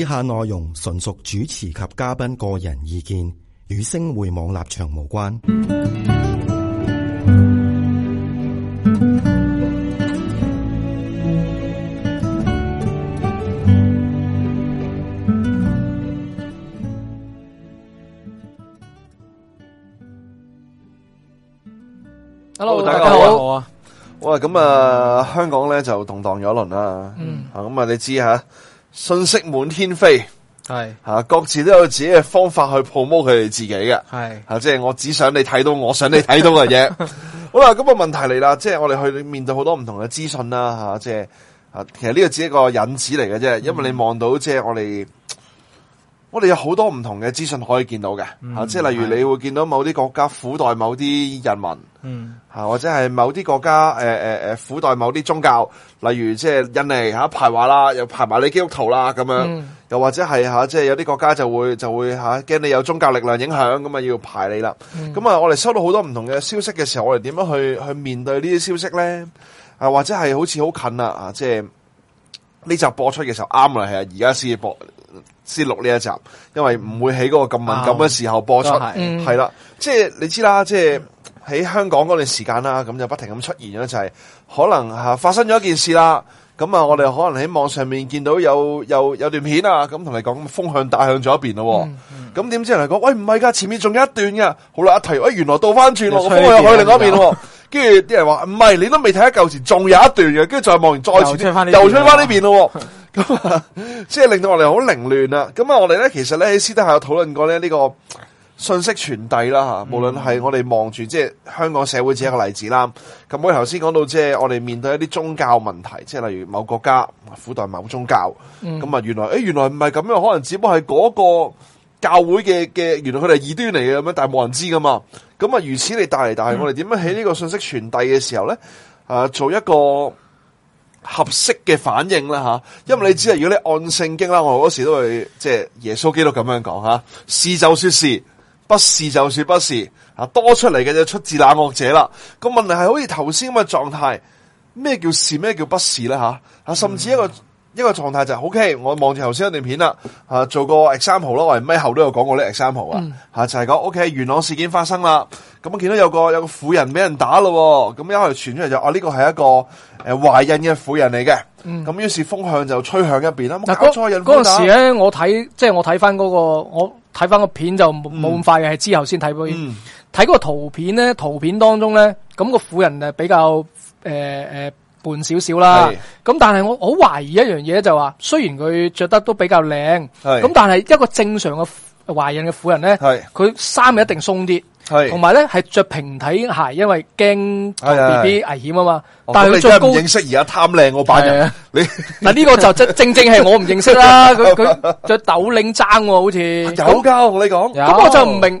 以下內容純屬主持及嘉賓個人意見，與星匯網立場無關。Hello，大家好啊！哇，咁、嗯、啊，香港咧就動盪咗一輪啦。嗯，啊，咁啊，你知吓。信息滿天飛，係吓是、啊，各自都有自己嘅方法去 promote 佢哋自己嘅，係吓是、啊，即係我只想你睇到，我想你睇到嘅嘢。 好啦，咁、那個問題嚟啦，即係我哋去面對好多唔同嘅資訊啦，吓、啊，即係啊，其實呢個只係一個引子嚟嘅啫，因為你望到、嗯、即係我哋。我哋有好多唔同嘅資訊可以見到嘅，嗯、啊，即係例如你會見到某啲國家苦待某啲人民，嗯、啊，或者係某啲國家誒誒誒苦待某啲宗教，例如即係印尼吓、啊、排華啦，又排埋你基督徒啦咁樣，嗯、又或者係吓、啊、即係有啲國家就會就會吓驚、啊、你有宗教力量影響，咁啊要排你啦。咁、嗯、啊，我哋收到好多唔同嘅消息嘅時候，我哋點樣去去面對呢啲消息咧？啊，或者係好似好近啦啊，即係呢集播出嘅時候啱啦，係啊，而家先播。先錄呢一集，因為唔會喺嗰個咁敏感嘅時候播出，係啦、哦嗯，即係你知啦，即係喺香港嗰段時間啦，咁就不停咁出現咗，就係、是、可能吓發生咗一件事啦，咁啊，我哋可能喺網上面見到有有有段片啊，咁同你講風向打向咗一邊咯，咁點、嗯嗯、知人講喂唔係噶，前面仲有一段噶，好啦，一提喂原來倒翻轉咯，又我風向又去另外一邊咯，跟住啲人話唔係，你都未睇一舊前，仲有一段嘅，跟住再望完再前啲，又吹翻呢邊咯。又咁 即係令到我哋好凌亂啦。咁啊，我哋咧其實咧喺私底下有討論過咧呢個信息傳遞啦吓，無論係我哋望住即係香港社會自己一個例子啦。咁、嗯、我哋頭先講到即係我哋面對一啲宗教問題，即係例如某國家古代某宗教，咁啊、嗯、原來誒、欸、原來唔係咁樣，可能只不過係嗰個教會嘅嘅，原來佢哋係異端嚟嘅咁樣，但係冇人知噶嘛。咁啊如此你帶嚟帶去，我哋點樣喺呢個信息傳遞嘅時候咧、嗯啊，做一個？合適嘅反應啦吓，因為你只係如果你按聖經啦，我嗰時都會即係耶穌基督咁樣講吓，是就說是，不是就說不是，啊多出嚟嘅就出自那惡者啦。個問題係好似頭先咁嘅狀態，咩叫是，咩叫不是咧吓？啊，甚至一個。一個狀態就係、o、OK, k 我望住頭先一段片啦、啊，做做過 example 咯，我哋咪後都有講過呢 example 啊，吓就係、是、講，OK，元朗事件發生啦，咁我見到有個有個婦人俾人打咯，咁一開始傳出嚟就，啊呢個係一個誒懷孕嘅婦人嚟嘅，咁於、嗯、是風向就吹向一邊啦。嗯、搞錯人嗰陣、那個那個、時咧，我睇即係我睇翻嗰個，我睇翻個片就冇咁、嗯、快嘅，係之後先睇片。睇嗰、嗯、個圖片咧，圖片當中咧，咁、那個婦人誒比較誒誒。呃呃半少少啦，咁但係我我好懷疑一樣嘢就話，雖然佢着得都比較靚，咁但係一個正常嘅懷孕嘅婦人咧，佢衫係一定鬆啲，同埋咧係着平底鞋，因為驚 B B 危險啊嘛。但係佢着高，唔認識而家貪靚我版人，你嗱呢個就正正係我唔認識啦。佢佢着斗領爭喎，好似有噶，我同你講。咁我就唔明。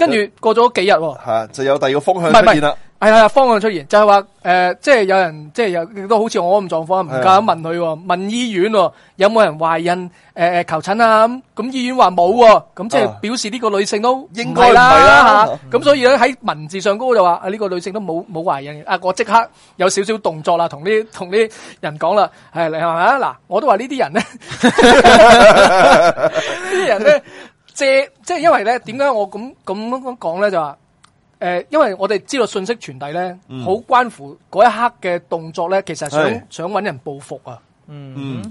跟住過咗幾日，吓、啊、就有第二個方向出現啦。係啊，方向出現就係、是、話，誒、呃、即係有人，即係亦都好似我咁狀況，唔敢問佢，哎、呀問醫院、哦、有冇人懷孕，誒、呃、誒求診啊？咁咁醫院話冇、啊，咁即係表示呢個女性都啦應該啦吓。咁、啊嗯啊、所以喺文字上高就話，啊呢、這個女性都冇冇懷孕，啊我即刻有少少動作啦，同啲同啲人講啦。係你係咪啊？嗱、啊，我都話 呢啲人咧，呢啲人咧。借即係因為咧，點解我咁咁樣講咧？就話誒、呃，因為我哋知道信息傳遞咧，好、嗯、關乎嗰一刻嘅動作咧。其實想是想搵人報復啊，嗯，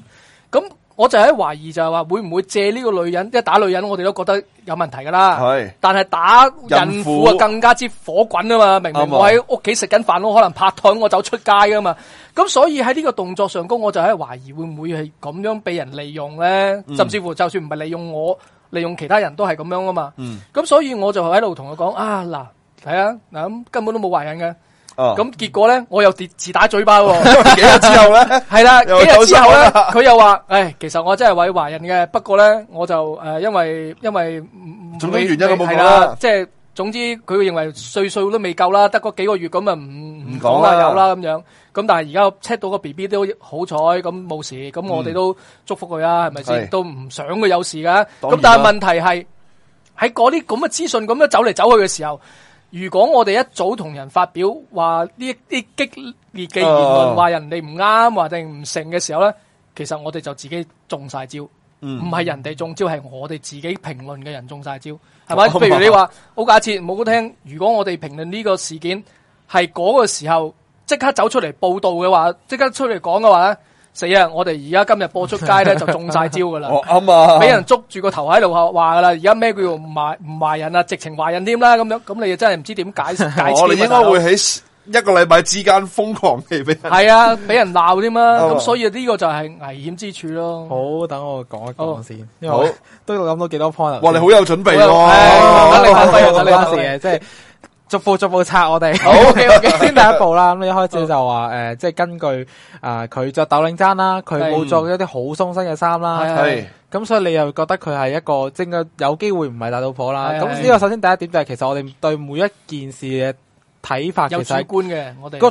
咁、嗯、我就喺懷疑就係話會唔會借呢個女人即係打女人，我哋都覺得有問題噶啦。係是，但係打孕婦啊，更加之火滾啊嘛，明明我喺屋企食緊飯，都可能拍枱，我走出街啊嘛。咁所以喺呢個動作上高，我就喺懷疑會唔會係咁樣被人利用咧？甚至乎就算唔係利用我。利用其他人都係咁樣噶嘛，咁、嗯、所以我就喺度同佢講啊嗱，係啊嗱咁、啊、根本都冇懷孕嘅，咁、哦、結果咧我又跌自打嘴巴喎、哦。 幾日之後咧，係啦， 幾日之後咧，佢又話，誒，其實我真係位懷孕嘅，不過咧我就誒、呃、因為因為總歸原因嘅冇錯啦，即係。啊就是總之佢認為歲數都未夠啦，得嗰幾個月咁啊，唔唔講啦有啦咁樣，咁但係而家 check 到個 BB 都好彩咁冇事，咁我哋都祝福佢啦，係咪先？都唔想佢有事噶。咁但係問題係喺嗰啲咁嘅資訊咁樣走嚟走去嘅時候，如果我哋一早同人發表話呢一啲激烈嘅言論，話人哋唔啱，話定唔成嘅時候咧，其實我哋就自己中晒招。唔係、嗯、人哋中招，係我哋自己評論嘅人中晒招，係咪？譬如你話，好、嗯嗎哦、假設，唔好聽。如果我哋評論呢個事件係嗰個時候即刻走出嚟報道嘅話，即刻出嚟講嘅話，死啊！我哋而家今日播出街咧就中晒招噶啦，啱啊！ 俾人捉住個頭喺度吓話噶啦，而家咩叫唔埋唔埋人啊？直情埋人添啦，咁樣咁你又真係唔知點解釋？解釋 我你應該會喺。一個禮拜之間瘋狂俾人係啊，俾人鬧添嘛。咁所以呢個就係危險之處咯。好，等我講一講先。好，都要諗到幾多 point？哇，你好有準備咯！你唔關事嘅，即係逐步逐步拆我哋。好 OK，OK，先第一步啦。咁你一開始就話誒，即係根據啊，佢着斗領衫啦，佢冇着一啲好鬆身嘅衫啦，係咁，所以你又覺得佢係一個真嘅，有機會唔係大肚婆啦。咁呢個首先第一點就係，其實我哋對每一件事嘅。睇法其實個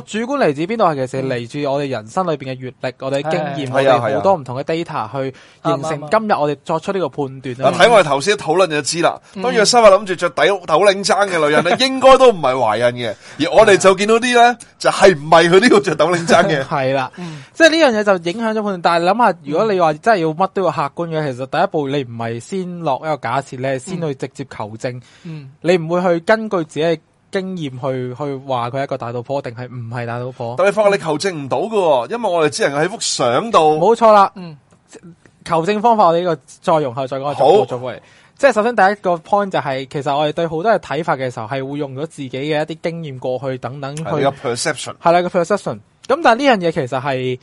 主觀嚟、啊、自邊度？係其實嚟自我哋人生裏邊嘅閱歷，嗯、我哋經驗，啊啊啊啊啊、我哋好多唔同嘅 data 去形成今日我哋作出呢個判斷。睇我哋頭先討論就知啦。嗯、當然，心諗住着底斗領衫嘅女人，嗯、應該都唔係懷孕嘅。而我哋就見到啲咧，就係唔係佢呢個着斗領衫嘅。係啦、啊，即係呢樣嘢就影響咗判斷。但係諗下，如果你話真係要乜都要客觀嘅，其實第一步你唔係先落一個假設，你係先去直接求證。嗯嗯、你唔會去根據自己。經驗去去話佢係一個大肚婆，定係唔係大肚婆？但係，發覺你求證唔到噶嗯、因為我哋只能喺幅相度。冇錯啦，嗯，求證方法我哋呢個再容後再講好。做即係首先第一個 point 就係、是，其實我哋對好多嘅睇法嘅時候，係會用咗自己嘅一啲經驗過去等等去。個 perception 係啦，個 perception。咁但係呢樣嘢其實係。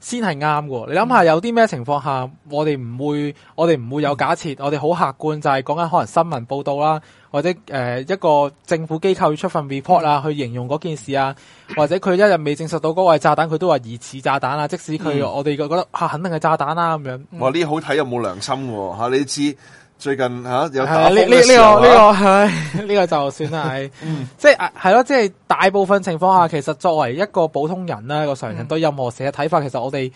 先係啱喎。你諗下有啲咩情況下我哋唔會，我哋唔會有假設，嗯、我哋好客觀，就係講緊可能新聞報導啦，或者、呃、一個政府機構要出份 report 啊、嗯，去形容嗰件事啊，或者佢一日未證實到嗰位炸彈，佢都話疑似炸彈啊，即使佢我哋覺得、嗯啊、肯定係炸彈啦。咁樣。嗯、哇！呢啲好睇有冇良心喎？你知。最近嚇有打風嘅時候啊呢、啊啊這個呢、這個唉，呢、哎這個就算係， 嗯、即係係咯，即係、就是、大部分情況下，其實作為一個普通人啦，一個常人對任何事嘅睇法，其實我哋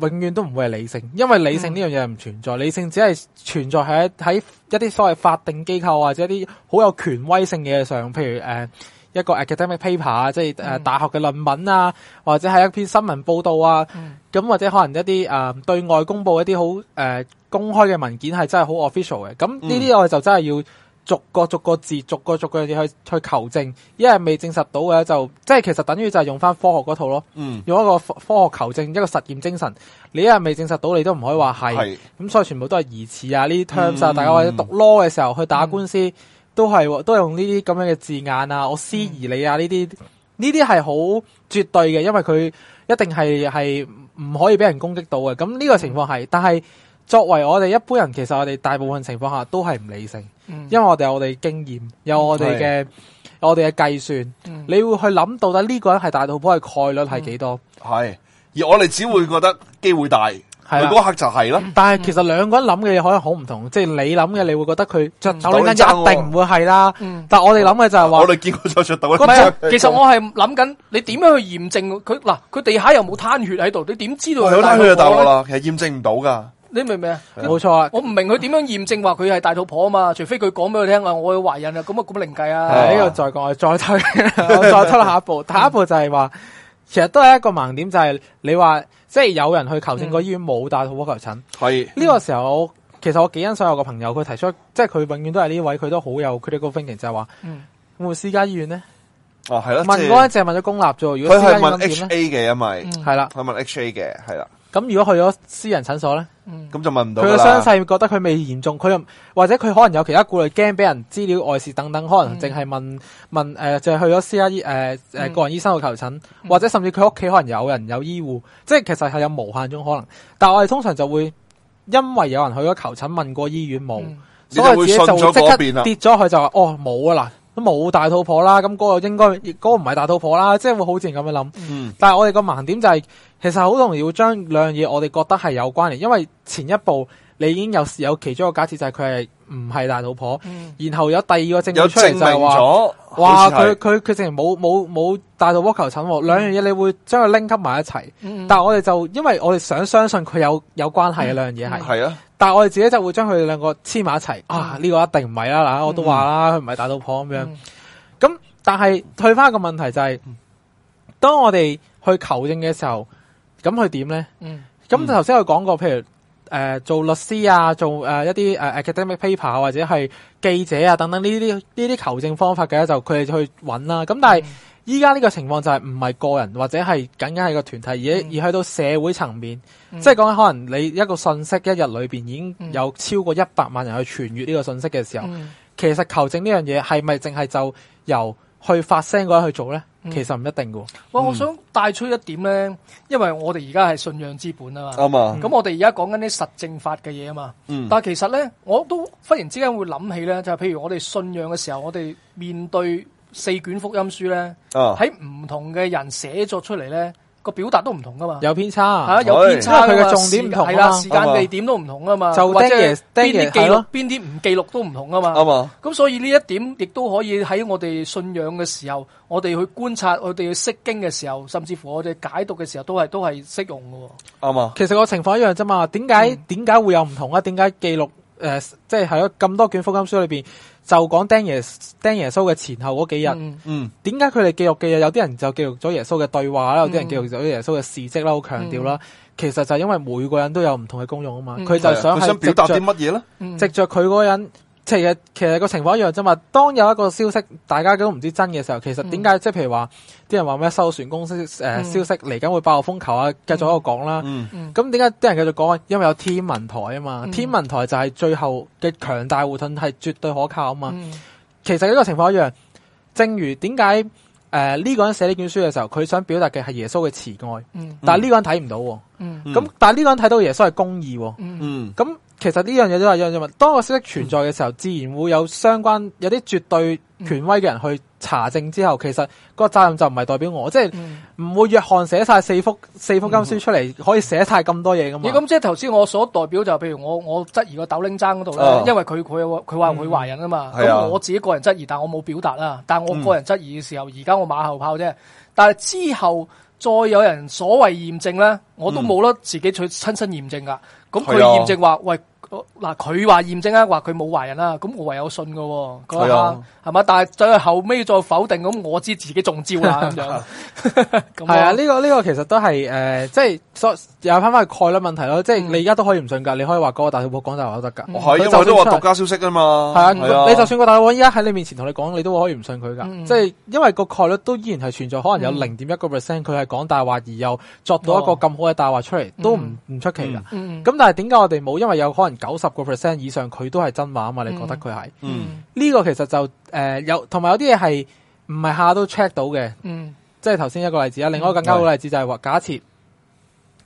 永遠都唔會係理性，因為理性呢樣嘢唔存在，嗯、理性只係存在喺喺一啲所謂法定機構或者一啲好有權威性嘅嘢上，譬如誒。呃一個 academic paper 啊，即係大學嘅論文啊，嗯、或者係一篇新聞報道啊，咁、嗯、或者可能一啲、呃、對外公佈一啲好、呃、公開嘅文件係真係好 official 嘅。咁呢啲我哋就真係要逐個逐個字、逐個逐個字去去求證。一日未證實到嘅就，就即係其實等於就係用翻科學嗰套咯。嗯，用一個科學求證，一個實驗精神。你一日未證實到，你都唔可以話係。咁是 所以全部都係疑似啊！呢啲 terms 啊，嗯、大家或者讀 law 嘅時候去打官司。嗯嗯都係喎，都用呢啲咁樣嘅字眼啊，我思疑你啊呢啲呢啲係好絕對嘅，因為佢一定係係唔可以俾人攻擊到嘅。咁呢個情況係，嗯、但係作為我哋一般人，其實我哋大部分情況下都係唔理性，嗯、因為我哋有我哋嘅經驗，有我哋嘅、嗯、我哋嘅計算，嗯、你會去諗到底呢個人係大肚婆嘅概率係幾多？係、嗯，而我哋只會覺得機會大。係嗰刻就係啦。但係其實兩個人諗嘅嘢可能好唔同，即係你諗嘅，你會覺得佢着到一定唔會係啦。但係我哋諗嘅就係話，我哋見其實我係諗緊你點樣去驗證佢嗱，佢地下又冇攤血喺度，你點知道係有攤血嘅答案啦，其實驗證唔到噶。你明唔明啊？冇錯啊，我唔明佢點樣驗證話佢係大肚婆啊嘛？除非佢講俾我聽啊，我懷孕啦，咁啊咁靈計啊。呢個再講，再推，再推下一步，下一步就係話，其實都係一個盲點，就係你話。即係有人去求證嗰醫院冇打土壓球診。可呢、嗯、是個時候其實我幾欣賞我個朋友佢提出即係佢永遠都係呢位佢都好有 critical thinking, 就係話嗯唔會,會私家醫院呢喔係啦先。哦、問個一隻問咗公立啫如果佢係問 HA 嘅因為。係啦。佢問 HA 嘅係啦。咁如果去咗私人診所咧，咁就問唔到佢嘅傷勢，覺得佢未嚴重，佢又、嗯、或者佢可能有其他顧慮，驚俾人資料外泄等等，可能淨係問、嗯、問誒、呃，就係、係、去咗私家誒誒個人醫生嘅求診，嗯、或者甚至佢屋企可能有人有醫護，即係其實係有無限種可能。但係我哋通常就會因為有人去咗求診問過醫院冇，嗯、所以自己就即刻跌咗去就話哦冇啊啦冇大肚婆啦，咁、嗰個應該，嗰個唔係大肚婆啦，即係會好似咁樣諗。嗯、但係我哋個盲點就係、是，其實好容易會將兩樣嘢我哋覺得係有關聯，因為前一步你已經有有其中一個假設就係佢係唔係大肚婆，嗯、然後有第二個證據出嚟就係話，哇，佢佢佢竟然冇冇冇大肚婆求診，兩樣嘢你會將佢 link 埋一齊，嗯、但係我哋就因為我哋想相信佢有有關係嘅兩樣嘢係。嗯嗯但係我哋自己就會將佢哋兩個黐埋一齊、嗯、啊！呢、這個一定唔係啦，嗱我都話啦，佢唔係大肚婆咁樣。咁、嗯、但係退翻一個問題就係、是，嗯、當我哋去求證嘅時候，咁佢點咧？咁頭先我講過，譬如誒、呃、做律師啊，做誒、呃、一啲誒、呃、academic paper 或者係記者啊等等呢啲呢啲求證方法嘅咧，就佢哋去揾啦、啊。咁但係。嗯依家呢個情況就係唔係個人或者係僅僅係個團體，而、嗯、而去到社會層面，嗯、即係講緊可能你一個信息一日裏邊已經有超過一百萬人去傳閱呢個信息嘅時候，嗯、其實求證呢樣嘢係咪淨係就由去發聲嗰啲去做呢？嗯、其實唔一定喎。我、嗯、我想帶出一點呢，因為我哋而家係信仰之本啊嘛，咁吧我哋而家講緊啲實證法嘅嘢啊嘛，嗯、但係其實呢，我都忽然之間會諗起呢，就係、是、譬如我哋信仰嘅時候，我哋面對。四卷福音書咧，喺唔、啊、同嘅人寫作出嚟咧，個表達都唔同噶嘛，有、啊啊，有偏差，係對啊，有偏差佢嘅重點唔同，啊嘛，時間地點都唔同啊嘛，就或者邊啲記錄咯，邊啲唔記錄都唔同啊嘛，咁、啊、所以呢一點亦都可以喺我哋信仰嘅時候，我哋去觀察，我哋去識經嘅時候，甚至乎我哋解讀嘅時候都是，都係都係適用噶，啱嘛？其實個情況一樣啫嘛，點解點解會有唔同啊？點解記錄？誒、呃，即係係咯，咁多卷福音書裏邊，就講釘爺釘耶穌嘅前後嗰幾日。嗯，點解佢哋記錄嘅嘢？有啲人就記錄咗耶穌嘅對話啦，嗯、有啲人記錄咗耶穌嘅事跡啦，好強調啦。嗯、其實就因為每個人都有唔同嘅功用啊嘛，佢、嗯、就想想表達啲乜嘢咧？直着佢嗰人。其實其實個情況一樣啫嘛，當有一個消息大家都唔知真嘅時候，其實點解？即係、嗯、譬如話，啲人話咩收船公司誒、呃、消息嚟緊會爆風球啊，繼續喺度講啦。咁點解啲人繼續講？因為有天文台啊嘛，嗯、天文台就係最後嘅強大護盾，係絕對可靠啊嘛。嗯、其實呢個情況一樣，正如點解誒呢個人寫呢卷書嘅時候，佢想表達嘅係耶穌嘅慈愛，嗯、但係呢個人睇唔到、啊。咁、嗯嗯、但係呢個人睇到耶穌係公義。咁其實呢樣嘢都係一樣啫嘛當個消息,息存在嘅時候，自然會有相關有啲絕對權威嘅人去查證之後，其實嗰個責任就唔係代表我，即係唔會約翰寫晒四幅四封金書出嚟，可以寫晒咁多嘢噶嘛？咁即係頭先我所代表就譬、是、如我我質疑個斗零爭嗰度咧，oh. 因為佢佢佢話會懷孕啊嘛，咁、mm. 我自己個人質疑，但係我冇表達啦。但係我個人質疑嘅時候，而家、mm. 我馬後炮啫。但係之後再有人所謂驗證咧，我都冇得自己去親身驗證噶。咁佢驗證話喂。嗱佢話驗證啊，話佢冇懷孕啦，咁我唯有信噶，係啊，係嘛？但係最後尾再否定，咁我知自己中招啦，咁樣係啊？呢個呢個其實都係誒，即係所又係翻翻概率問題咯。即係你而家都可以唔信噶，你可以話嗰個大主播講大話都得噶。佢就都話獨家消息啊嘛。係啊，你就算個大主播而家喺你面前同你講，你都可以唔信佢噶。即係因為個概率都依然係存在，可能有零點一個 percent，佢係講大話，而又作到一個咁好嘅大話出嚟，都唔唔出奇噶。咁但係點解我哋冇？因為有可能。九十個 percent 以上佢都係真話啊嘛，你覺得佢係？呢個其實就誒有，同埋有啲嘢係唔係下都 check 到嘅。嗯，即係頭先一個例子啊，另外一個更加好嘅例子就係話，假設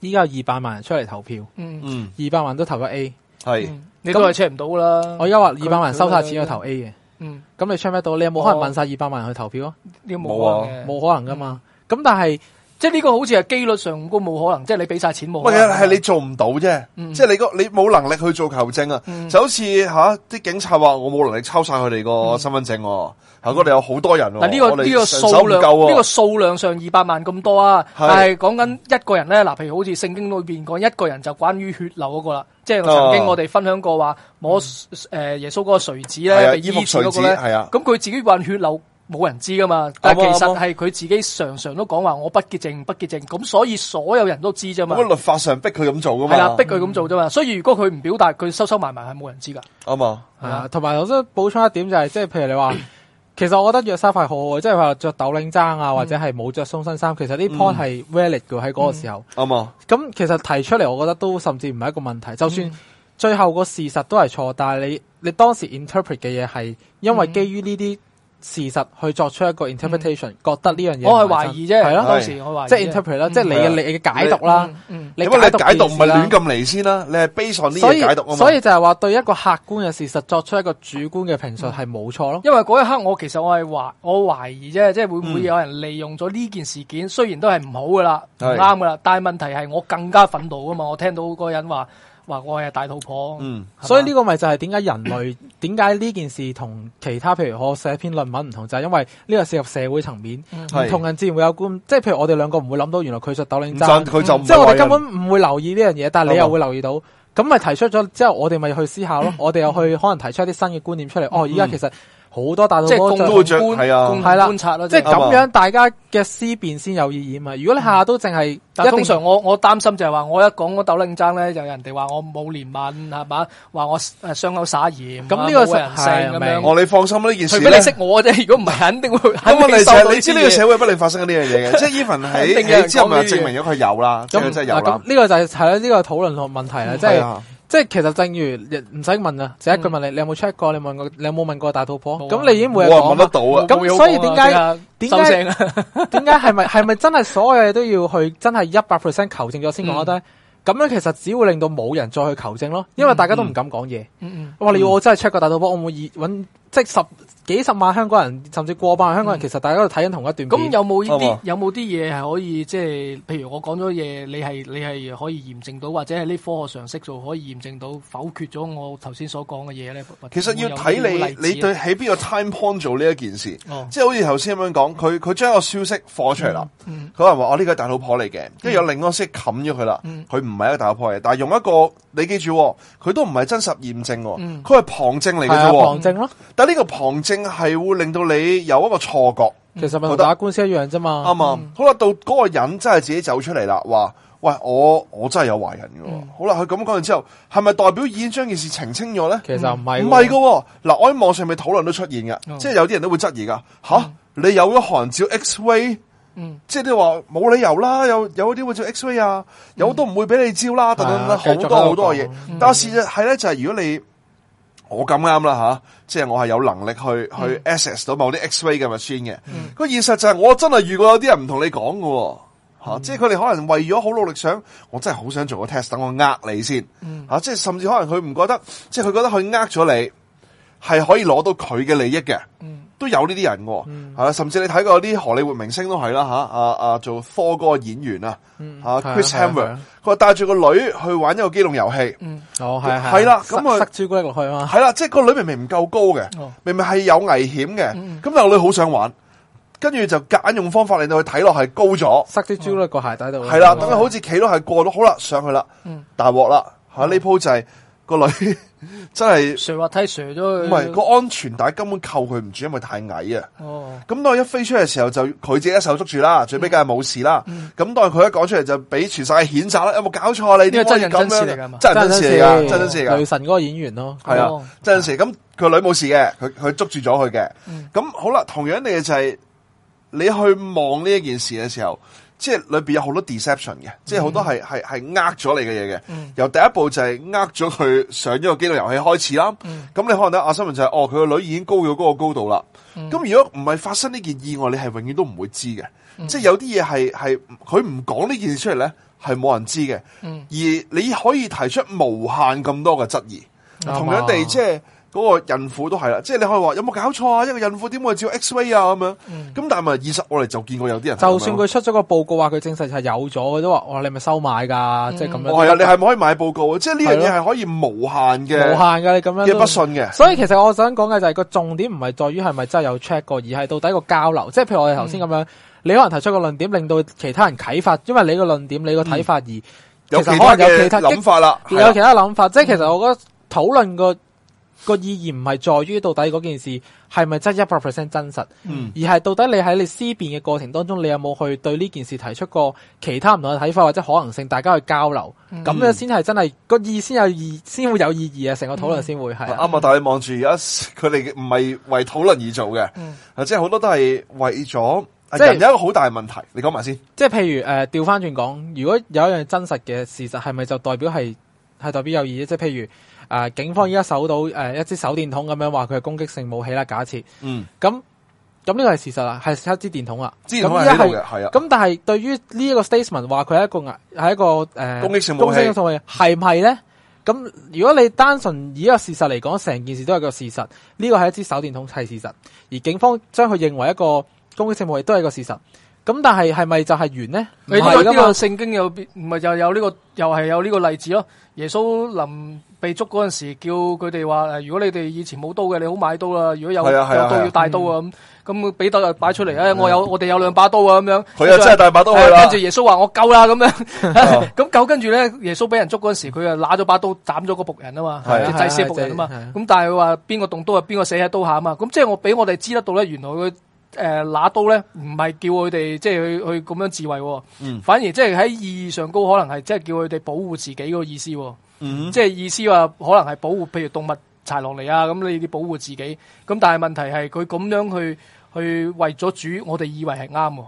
依家有二百萬人出嚟投票，嗯，二百萬都投咗 A，係你都係 check 唔到啦。我依家話二百萬人收晒錢去投 A 嘅，嗯，咁你 check 唔到，你有冇可能問晒二百萬人去投票啊？呢個冇啊，冇可能噶嘛。咁但係。即係呢個好似係機率上都冇可能，即、就、係、是、你俾晒錢冇可能。唔係係你做唔到啫，嗯、即係你你冇能力去做求證啊！嗯、就好似吓啲警察話我冇能力抽晒佢哋個身份證、啊，吓嗰度有好多人、啊。嗱呢、這個呢、啊、個數量呢、這個數量上二百萬咁多啊，的但係講緊一個人咧。嗱，譬如好似聖經裏邊講一個人就關於血流嗰個啦，即係曾經我哋分享過話，摸誒、嗯、耶穌嗰個垂子咧，的被醫治嗰個咧，咁佢自己患血流。冇人知噶嘛？但其實係佢自己常常都講，話我不潔淨，不潔淨。咁所以所有人都知啫嘛。咁個律法上逼佢咁做噶嘛？係啦，逼佢咁做啫嘛。嗯、所以如果佢唔表達，佢收收埋埋係冇人知噶。啱啊。係啊，同埋我都補充一點就係、是，即係譬如你話， 其實我覺得着衫係好嘅，即係話着斗領衫啊，或者係冇着鬆身衫，其實呢 point 係 valid 嘅喺嗰個時候。啱啊。咁其實提出嚟，我覺得都甚至唔係一個問題。就算最後個事實都係錯，但係你你當時 interpret 嘅嘢係因為基於呢啲事實去作出一個 interpretation，覺得呢樣嘢我係懷疑啫，係咯，當時我懷疑，即係 interpret 啦，即係你嘅你嘅解讀啦。嗯，你解讀唔係亂咁嚟先啦，你係 base on 呢樣解讀啊嘛。所以就係話對一個客觀嘅事實作出一個主觀嘅評述係冇錯咯。因為嗰一刻我其實我係懷我懷疑啫，即係會唔會有人利用咗呢件事件，雖然都係唔好噶啦，唔啱噶啦，但係問題係我更加憤怒啊嘛，我聽到嗰個人話話我係大肚婆，嗯、吧所以呢個咪就係點解人類點解呢件事同其他，譬如我寫篇論文唔同，就係、是、因為呢個涉入社會層面，嗯、唔同人自然會有觀，即係是譬如我哋兩個唔會諗到原來佢食豆奶渣，即係、嗯、我哋根本唔會留意呢樣嘢，但係你又會留意到，咁咪吧提出咗之後，我哋咪去思考咯，嗯、我哋又去可能提出一啲新嘅觀念出嚟，嗯、哦，而家其實。好多大，即係都會着，係啊，係啦，觀察啦，即係咁樣，大家嘅思辨先有意義啊嘛！如果你下下都淨係，通常我我擔心就係話，我一講嗰斗令爭咧，就人哋話我冇憐憫係嘛，話我誒傷口撒鹽，咁呢個係唔係？我你放心呢件事除非你識我啫，如果唔係，肯定會喺你你知呢個社會不斷發生緊呢樣嘢嘅，即係 even 份喺你之後咪證明咗佢有啦，咁樣有咁呢個就係呢個討論問問題啦，即係。即係其實，正如唔使問啊，直一句問你，嗯、你有冇 check 過？你問過，你有冇問過大肚婆？咁、嗯、你已經每日得到啊。咁那、啊、所以點解點解點解係咪係咪真係所有嘢都要去真係一百 percent 求證咗先講得呢？咁、嗯、樣其實只會令到冇人再去求證咯，因為大家都唔敢講嘢、嗯。嗯嗯，我話你要我真係 check 個大肚婆，我唔會揾。找即十幾十萬香港人，甚至過百萬香港人，嗯、其實大家都睇緊同一段片。咁、嗯、有冇呢啲？是是有冇啲嘢係可以即係，譬如我講咗嘢，你係你係可以驗證到，或者係呢科學常識就可以驗證到否決咗我頭先所講嘅嘢咧？其實要睇你你對喺邊個 time point 做呢一件事，嗯、即係好似頭先咁樣講，佢佢將一個消息放出嚟啦，佢可能話我呢個大老婆嚟嘅，跟住、嗯、有另一個消息冚咗佢啦，佢唔係一個大老婆嚟，但係用一個。你記住、哦，佢都唔係真實驗證、哦，佢係、嗯、旁證嚟嘅啫。旁證咯，但係呢個旁證係會令到你有一個錯覺，嗯、覺得其實咪同打官司一樣啫嘛。啱嘛吧，嗯、好啦，到嗰個人真係自己走出嚟啦，話喂，我我真係有懷孕喎。嗯、好啦，佢咁講完之後，係咪代表已經將件事澄清咗咧？其實唔係，唔係噶。嗱、哦，我喺網上面討論都出現㗎，嗯、即係有啲人都會質疑噶。吓，嗯、你有咗韓照 X ray 即係你話冇理由啦，有有啲會做 X-ray 啊，嗯、有都唔會俾你照啦，等等等等好多好多嘢。嗯、但係事實係咧，就係、是、如果你我咁啱啦吓，即、啊、係、就是、我係有能力去、嗯、去 access 到某啲 X-ray 嘅 machine 嘅。個現、嗯、實就係我真係遇過有啲人唔同你講噶吓，啊嗯、即係佢哋可能為咗好努力想，我真係好想做個 test 等我呃你先吓，即係、嗯啊就是、甚至可能佢唔覺得，即係佢覺得佢呃咗你係可以攞到佢嘅利益嘅。嗯都有呢啲人喎，係啦，甚至你睇過啲荷里活明星都係啦做科哥嘅演員啊，Chris Hammer 佢話帶住個女去玩一個機動遊戲，哦係係，係啦，咁啊塞朱古力落去啊，係啦，即係個女明明唔夠高嘅，明明係有危險嘅，咁但個女好想玩，跟住就夾硬用方法嚟到去睇落係高咗，塞啲朱古力個鞋底度，係啦，等佢好似企到係過咗好啦，上去啦，大鑊啦，嚇呢鋪就係。個女真係，瀡滑梯瀡咗去，唔係個安全帶根本扣佢唔住，因為太矮啊。哦，咁當佢一飛出嚟嘅時候，就佢自己一手捉住啦，嗯、最尾梗係冇事啦。咁、嗯、當佢一講出嚟，就俾全世界譴責啦。有冇搞錯你、啊？因為真人真事嚟噶嘛，真真事嚟噶，真真事噶。雷神嗰個演員咯，係啊，啊嗯、真真事。咁佢女冇事嘅，佢佢捉住咗佢嘅。咁、嗯、好啦，同樣嘅就係、是、你去望呢一件事嘅時候。即係裏邊有好多 deception 嘅，即係好多係係係呃咗你嘅嘢嘅。嗯、由第一步就係呃咗佢上咗個機動遊戲開始啦。咁、嗯、你可能咧、就是，阿新聞就係哦，佢個女已經高咗嗰個高度啦。咁、嗯、如果唔係發生呢件意外，你係永遠都唔會知嘅。嗯、即係有啲嘢係係佢唔講呢件事出嚟咧，係冇人知嘅。嗯、而你可以提出無限咁多嘅質疑，吧同樣地即係。嗰個孕婦都係啦，即係你可以話有冇搞錯啊？一個孕婦點會照 X-ray 啊？咁樣咁，嗯、但係咪？現實我哋就見過有啲人，就算佢出咗個報告話佢證實係有咗，都話哇、哦、你咪收買噶，嗯、即係咁樣。係啊、哦，你係咪可以買報告啊？即係呢樣嘢係可以無限嘅，無限噶，你咁樣嘅不信嘅。所以其實我想講嘅就係個重點唔係在於係咪真係有 check 過，而係到底個交流。即係譬如我哋頭先咁樣，嗯、你可能提出個論點，令到其他人啟發，因為你個論點、你個睇法、嗯、而其實可能有其他諗法啦，有其他諗法。的即係其實我覺得討論個。嗯個意義唔係在於到底嗰件事係咪真係一百 percent 真實，嗯、而係到底你喺你思辨嘅過程當中，你有冇去對呢件事提出過其他唔同嘅睇法，或者可能性，大家去交流，咁樣先係真係、個意思，先有意，先會有意義、嗯、啊！成個討論先會係啱啊！但係望住而家佢哋唔係為討論而做嘅，即係好多都係為咗即係有一個好大問題，即你講埋先，即係譬如，誒，調翻轉講，如果有一樣真實嘅事實，係咪就代表係，係代表有意義？即係譬如。誒、呃，警方依家搜到誒、呃、一支手電筒咁樣話佢係攻擊性武器啦，假設，嗯，咁咁呢個係事實啦，係一支電筒啦，咁啊，咁但係對於呢一個 statement 話佢係一個係一個誒攻擊性武器，攻擊性武器係唔係咧？咁如果你單純以一個事實嚟講，成件事都係個事實，呢個係一支手電筒係事實，而警方將佢認為一個攻擊性武器都係一個事實。咁但係係咪就係完咧？唔係噶嘛、這個，這個、聖經又唔係又有呢、這個，又係有呢個例子咯。耶穌臨被捉嗰陣時，叫佢哋話：如果你哋以前冇刀嘅，你好買刀啊；如果有有刀要帶刀啊。咁咁彼得擺擺出嚟，誒，我有、嗯、我哋有兩把刀啊，咁樣、啊。佢又真係帶把刀去啦。跟住耶穌話：我夠啦，咁樣咁夠。跟住咧，耶穌俾人捉嗰陣時，佢啊拿咗把刀斬咗個僕人啊嘛，就祭死僕人啊嘛。咁但係佢話邊個動刀啊？邊個死喺刀下啊？嘛，咁即係我俾我哋知得到咧，原來。誒、呃，拿刀咧，唔係叫佢哋即係去去咁樣自衛、哦，嗯、反而即係喺意義上高，可能係即係叫佢哋保護自己嗰個意思、哦，嗯嗯即係意思話可能係保護，譬如動物踩落嚟啊，咁你哋保護自己。咁但係問題係佢咁樣去去為咗主，我哋以為係啱，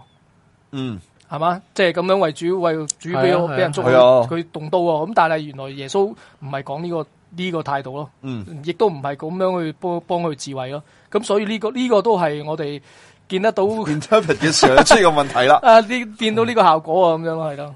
嗯，係嘛？即係咁樣為主，為主俾俾、啊啊、人捉佢，佢是、啊、動刀喎、哦。咁但係原來耶穌唔係講呢個呢、呢個態度咯，嗯、亦都唔係咁樣去幫幫佢自衛咯。咁所以呢、呢個呢、呢個都係我哋。見得到 interpret 嘅時候出現個問題啦，啊，見見到呢個效果啊，咁樣咯，係咯。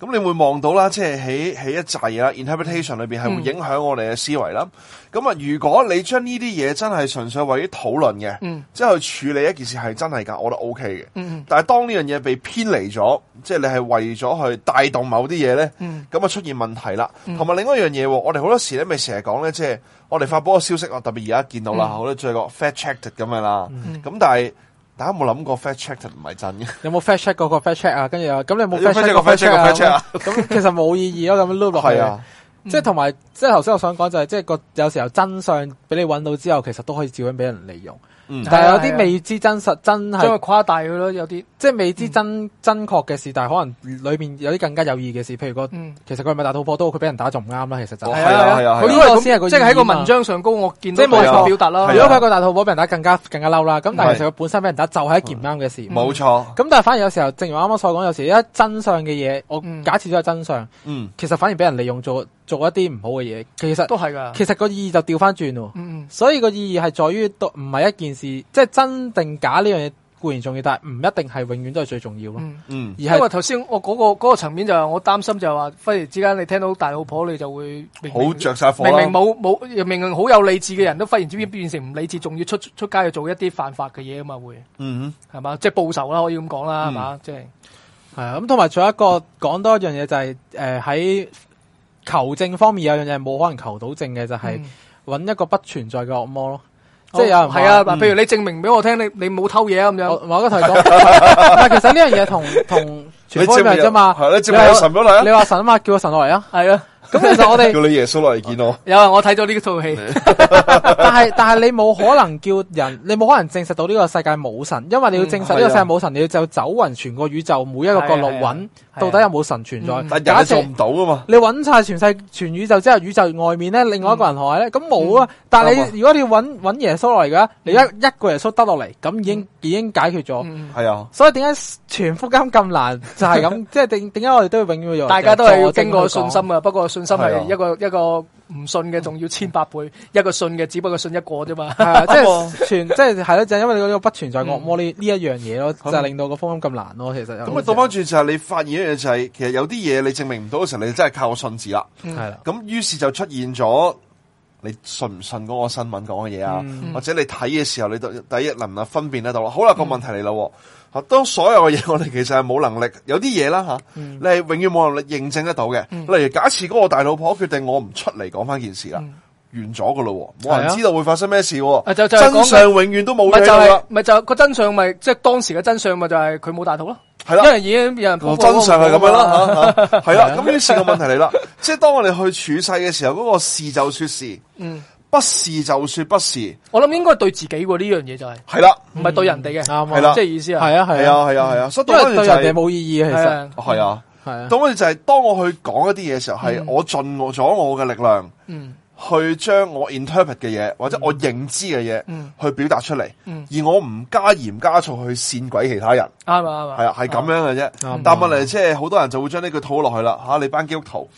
咁你會望到啦，即係喺喺一紮嘢啦，interpretation 裏邊係會影響我哋嘅思維啦。咁啊，如果你將呢啲嘢真係純粹為於討論嘅，即係去處理一件事係真係噶，我覺得 O K 嘅，但係當呢樣嘢被偏離咗，即係你係為咗去帶動某啲嘢咧，咁啊出現問題啦。同埋另外一樣嘢，我哋好多時咧咪成日講咧，即係我哋發佈個消息啊，特別而家見到啦，好多最個 fact checked 咁樣啦，咁但係。大家有冇諗過 fact check 唔係真嘅？有冇 fact check 嗰個 fact check 啊？跟住啊，咁你有冇 fact check 嗰個 fact check 啊？咁其實冇意義咯，咁樣 loop 落去啊。即係同埋，即係頭先我想講就係，即係個有時候真相俾你搵到之後，其實都可以照樣俾人利用。但係有啲未知真實真係誇大佢咯，有啲即係未知真真確嘅事，但係可能裏面有啲更加有意嘅事，譬如個其實佢係咪大肚婆，都佢俾人打就唔啱啦，其實就係啊，係啊，佢呢個先係即係喺個文章上高我見到即係冇法表達啦。如果佢係個大肚婆俾人打更加更加嬲啦，咁但係其實佢本身俾人打就係一件唔啱嘅事，冇錯。咁但係反而有時候，正如啱啱所講，有時一真相嘅嘢，我假設咗係真相，其實反而俾人利用咗。做一啲唔好嘅嘢，其實都係㗎。其實個意義就掉翻轉喎，嗯、所以個意義係在於，唔係一件事，即係真定假呢樣嘢固然重要，但係唔一定係永遠都係最重要咯。嗯，而係是因為頭先我嗰、嗰個嗰個層面就係我擔心就係話，忽然之間你聽到大老婆，你就會好着晒火，明明冇冇明明好有理智嘅人都忽然之間變成唔理智，仲、嗯、要出出街去做一啲犯法嘅嘢啊嘛會。嗯，係嘛，即係報仇啦，可以咁講啦，係嘛、嗯，即係係啊。咁同埋仲有一個講多一樣嘢就係誒喺。呃求證方面有樣嘢係冇可能求到證嘅，就係、是、揾一個不存在嘅惡魔咯。嗯、即係有人，係啊、哦，譬如你證明俾我聽你，你你冇偷嘢啊，咁樣，另外一個抬高。但係 其實呢樣嘢同同。你借人啫嘛？係咧，借咩神咗嚟啊？你話神啊嘛，叫個神落嚟啊？係啊。咁其實我哋叫你耶穌落嚟見我。有啊，我睇咗呢套戲。但係但係你冇可能叫人，你冇可能證實到呢個世界冇神，因為你要證實呢個世界冇神，你要就走匀全個宇宙每一個角落揾，到底有冇神存在。但係又家做唔到噶嘛？你揾晒全世全宇宙之後，宇宙外面咧，另外一個銀河系咧，咁冇啊。但係你如果你要揾揾耶穌落嚟噶話，你一一個耶穌得落嚟，咁已經已經解決咗。係啊。所以點解全福音咁難？但係咁，即係點點解我哋都要永遠要？大家都係要經過信心噶，不過信心係一個一個唔信嘅，仲要千百倍一個信嘅，只不過信一個啫嘛。即係全，即係，係咯，就係因為你嗰個不存在惡魔呢呢一樣嘢咯，就係令到個風險咁難咯。其實咁倒翻轉就係你發現一樣嘢就係，其實有啲嘢你證明唔到嘅時候，你真係靠我信字啦。係啦，咁於是就出現咗。你信唔信嗰個新聞講嘅嘢啊？嗯嗯、或者你睇嘅時候，你第第一能唔能分辨得到？好啦，個問題嚟咯。嗯、當所有嘅嘢，我哋其實係冇能力，有啲嘢啦吓，啊嗯、你係永遠冇能力認證得到嘅。嗯、例如，假設嗰個大老婆決定我唔出嚟講翻件事啦，嗯、完咗噶咯，冇人知道會發生咩事。誒、啊，就真相永遠都冇嘅啦。咪就個、是就是就是就是、真相咪即係當時嘅真相咪就係佢冇大肚咯。係啦，已經俾人真相係咁樣啦吓，係啦。咁呢個問題嚟啦，即係當我哋去處世嘅時候，嗰個是就說是，嗯，不是就說不是。我諗應該係對自己喎呢樣嘢就係，係啦，唔係對人哋嘅，啱係啦，即係意思啊，係啊，係啊，係啊，所以對人哋冇意義其實係啊，係啊。咁我哋就係當我去講一啲嘢嘅時候，係我盡我咗我嘅力量，嗯。去將我 interpret 嘅嘢或者我認知嘅嘢去表達出嚟，而我唔加鹽加醋去扇鬼其他人，啱啊啱啊，係啊係咁樣嘅啫。但問題，即係好多人就會將呢句套落去啦。吓，你班基督徒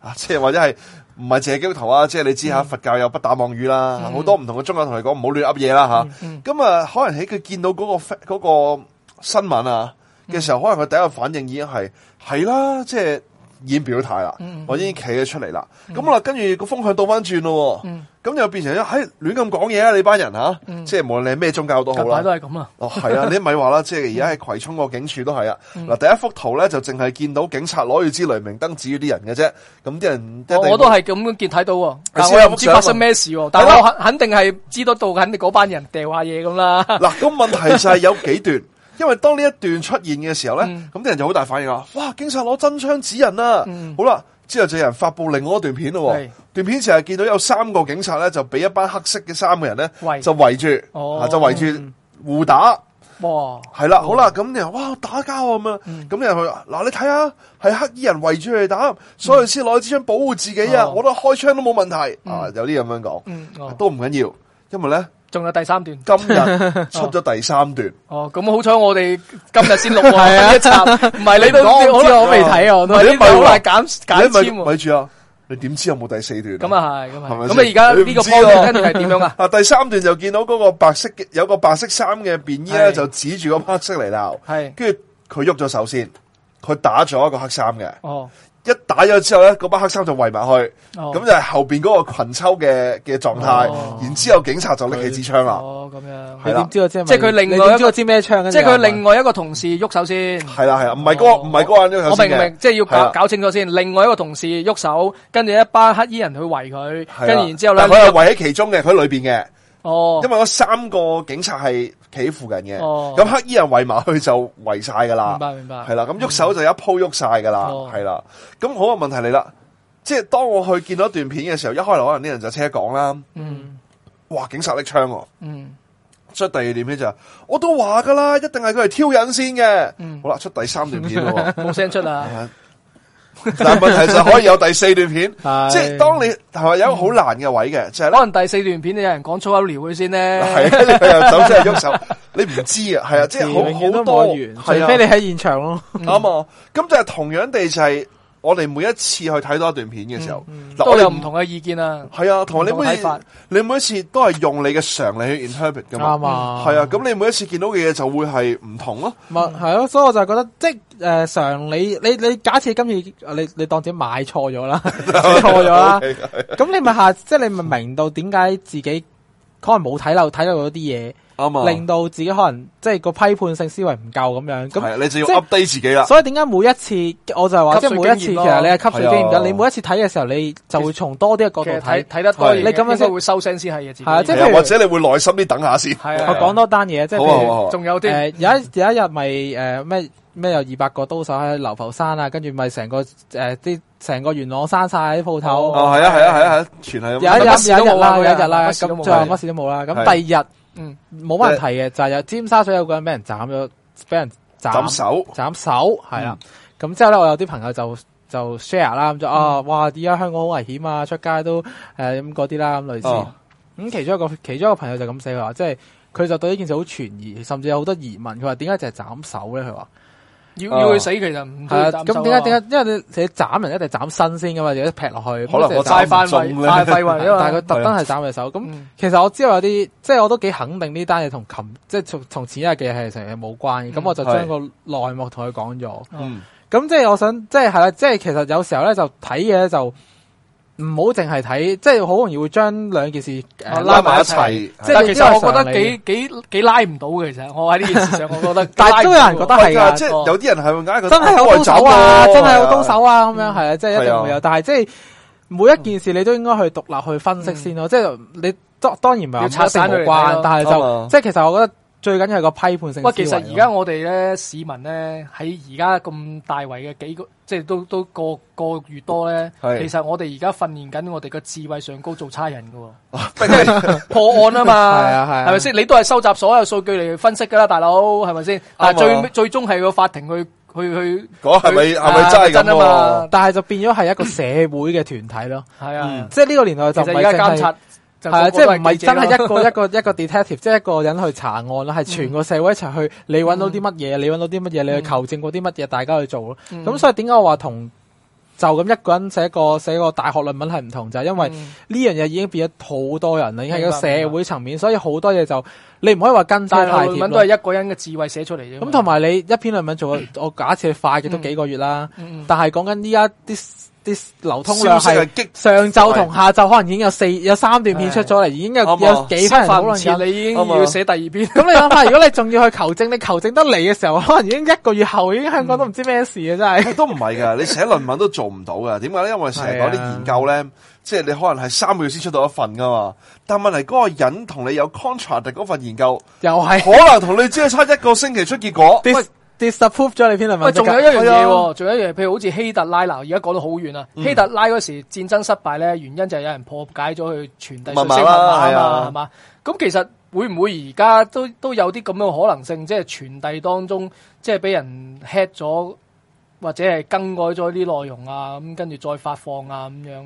啊，即係或者係唔係淨係基督徒啊？即係你知吓佛教有不打妄語啦，好多唔同嘅宗教同你講唔好亂噏嘢啦吓。咁啊，可能喺佢見到嗰個嗰個新聞啊嘅時候，可能佢第一個反應已經係，係啦，即係。已經表咗態啦，我已經企咗出嚟啦。咁我跟住個風向倒翻轉咯，咁又變成咗，嘿亂咁講嘢啊！你班人吓，即係無論你咩宗教都好啦，都係咁啊。哦，係啊，你咪話啦，即係而家喺葵涌個警署都係啊。嗱，第一幅圖咧就淨係見到警察攞住支雷明燈指啲人嘅啫，咁啲人我都係咁見睇到，我又唔知發生咩事，但係我肯定係知得到，肯定嗰班人掉下嘢咁啦。嗱，咁問題就係有幾段。因為當呢一段出現嘅時候咧，咁啲人就好大反應啊！哇，警察攞真槍指人啊！好啦，之後就有人發佈另外一段片咯。段片就係見到有三個警察咧，就俾一班黑色嘅三個人咧，就圍住，就圍住互打。哇，係啦，好啦，咁人哇打交咁啊，咁人佢嗱你睇下，係黑衣人圍住佢哋打，所以先攞支槍保護自己啊！我覺得開槍都冇問題啊！有啲咁樣講，都唔緊要，因為咧。仲有第三段，今日出咗第三段。哦，咁好彩我哋今日先錄完一集，唔係你都好似我未睇我都。唔係好難減減尖喎。咪住啊！你點知有冇第四段？咁啊係，咁啊係。咁你而家呢個波嘅片段係點樣啊？啊，第三段就見到嗰個白色嘅，有個白色衫嘅便衣咧，就指住個黑色嚟鬧。係，跟住佢喐咗手先，佢打咗一個黑衫嘅。哦。一打咗之後咧，嗰班黑衫就圍埋去，咁就係後邊嗰個群抽嘅嘅狀態。然之後警察就拎起支槍啦。哦，咁樣。係啦。即係佢另外一個，你點知我咩槍？即係佢另外一個同事喐手先。係啦係啦，唔係嗰唔係嗰個。我明，我明，即係要搞搞清楚先。另外一個同事喐手，跟住一班黑衣人去圍佢。跟住然之後咧，但係佢係圍喺其中嘅，佢喺裏邊嘅。哦。因為嗰三個警察係。企喺附近嘅，咁、哦、黑衣人圍埋去就圍晒噶啦，明白明白，係啦，咁喐手就一鋪喐晒噶啦，係啦、嗯，咁好個問題嚟啦，即係當我去見到一段片嘅時候，一開頭可能啲人就車講啦，嗯，哇，警察搦槍、啊，嗯，出第二點咧就，我都話噶啦，一定係佢嚟挑釁先嘅，嗯，好啦，出第三段片，冇聲、嗯、 出啦 但問題就可以有第四段片，是即係當你係話有一個好難嘅位嘅，嗯、就可能第四段片你有人講粗口撩佢先咧，係啊，又 走出嚟，即係喐手， 你唔知啊，係天啊，即、就、係、是、好好多，啊，除非你喺現場咯，啱啊、嗯，咁就係同樣地就係、是。我哋每一次去睇多一段片嘅時候，嗱、嗯，我、嗯、有唔同嘅意見啊，係啊，同埋你每，你每一次都係用你嘅常理去 interpret 噶嘛，係吧啊，咁你每一次見到嘅嘢就會係唔同咯、啊，係咯、嗯，嗯、所以我就覺得即係誒、呃、常理，你你，你假設今次你你當自己買錯咗啦，買錯咗啦，咁你咪下，即係 你咪明到點解自己可能冇睇漏睇到咗啲嘢。令到自己可能即係個批判性思維唔夠咁樣，咁你就要 update 自己啦。所以點解每一次我就係話，即係每一次其實你係吸水經驗啦。你每一次睇嘅時候，你就會從多啲嘅角度睇睇得。你咁樣先會收聲先係嘅，即或者你會耐心啲等下先。我講多單嘢，即係譬如仲有啲，有一有一日咪誒咩咩有二百個刀手喺流浮山啊，跟住咪成個誒啲成個元朗山晒啲鋪頭。哦，係啊，係啊，係啊，全係有一有一日啦，有一日啦，咁最後乜事都冇啦。咁第二日。嗯，冇問問題嘅，就係、是、有尖沙咀有個人俾人斬咗，俾人斬砍手斬手，係啦。咁之、嗯、後咧，我有啲朋友就就 share 啦，咁就啊，哇！而家香港好危險啊，出街都誒咁嗰啲啦，咁類似。咁、哦、其中一個其中一個朋友就咁寫佢話，即係佢就對呢件事好存疑，甚至有好多疑問。佢話點解淨係斬手咧？佢話。要要去死，其實唔係啊！咁點解點解？因為你你斬人一定斬身先噶嘛，如果劈落去，可能我嘥返費，但係佢特登係斬隻手。嗯，咁其實我知道有啲，即係我都幾肯定呢單嘢同琴，即係從前一嘅係成日冇關嘅。嗯，咁我就將個內幕同佢講咗。嗯，咁即係我想，即係係啦，即係其實有時候咧就睇嘢就，唔好淨係睇，即係好容易會將兩件事呃，拉埋一齊。即係其實我覺得幾幾幾拉唔到嘅，其實我喺呢件事上，我覺得。但係都有人覺得係啊，即係有啲人係咁解，好刀手啊，真係好刀手啊，咁樣係啊，即係一定會有。但係即係每一件事你都應該去獨立去分析先咯。即係你當當然唔係話扯上佢關，但係就即係其實我覺得。最緊要係個批判性。喂，其實而家我哋咧市民咧喺而家咁大圍嘅幾個，即係都都個個月多咧。其實我哋而家訓練緊我哋嘅智慧上高做差人噶，破案啊嘛。係啊係，係咪先？你都係收集所有數據嚟分析噶啦，大佬係咪先？但係最最終係個法庭去去去。嗰係咪係咪真係咁啊嘛？但係就變咗係一個社會嘅團體咯。係啊，即係呢個年代就。其實而家監察。係啊，即係唔係真係一個一個 一個，個 detective，即係一個人去查案咯，係、嗯、全個社會一齊去你找。嗯、你揾到啲乜嘢？你揾到啲乜嘢？你去求證過啲乜嘢？大家去做咯。咁、嗯、所以點解我話同就咁一個人寫個寫個大學論文係唔同，就係因為呢樣嘢已經變咗好多人啦，已經係個社會層面，所以好多嘢就你唔可以話跟得太貼咯。但係論文都係一個人嘅智慧寫出嚟啫。咁同埋你一篇論文做的，嗯、我假設快嘅都幾個月啦。嗯嗯、但係講緊呢一啲。啲流通消息上晝同下晝可能已經有四有三段片出咗嚟，已經有吧有幾批人討論緊，你已經要寫第二篇。咁吧你諗下，如果你仲要去求證，你求證得嚟嘅時候，可能已經一個月後，已經香港都唔知咩事啊！真係、嗯、都唔係㗎，你寫論文都做唔到㗎。點解咧？因為成日講啲研究咧，啊、即係你可能係三個月先出到一份㗎嘛。但問題嗰個人同你有 contract 嗰份研究，又係可能同你只係差一個星期出結果。This, Disprove 咗你篇論文，係咪？喂，仲有一樣嘢，仲、哎、呀有一樣，譬如好似希特拉喇。而家講到好遠啦。嗯、希特拉嗰時戰爭失敗咧，原因就係有人破解咗佢傳遞訊息密碼啊係嘛？咁、啊嗯、其實會唔會而家都都有啲咁嘅可能性，即係傳遞當中，即係俾人 hack 咗，或者係更改咗啲內容啊？咁跟住再發放啊，咁嘩樣，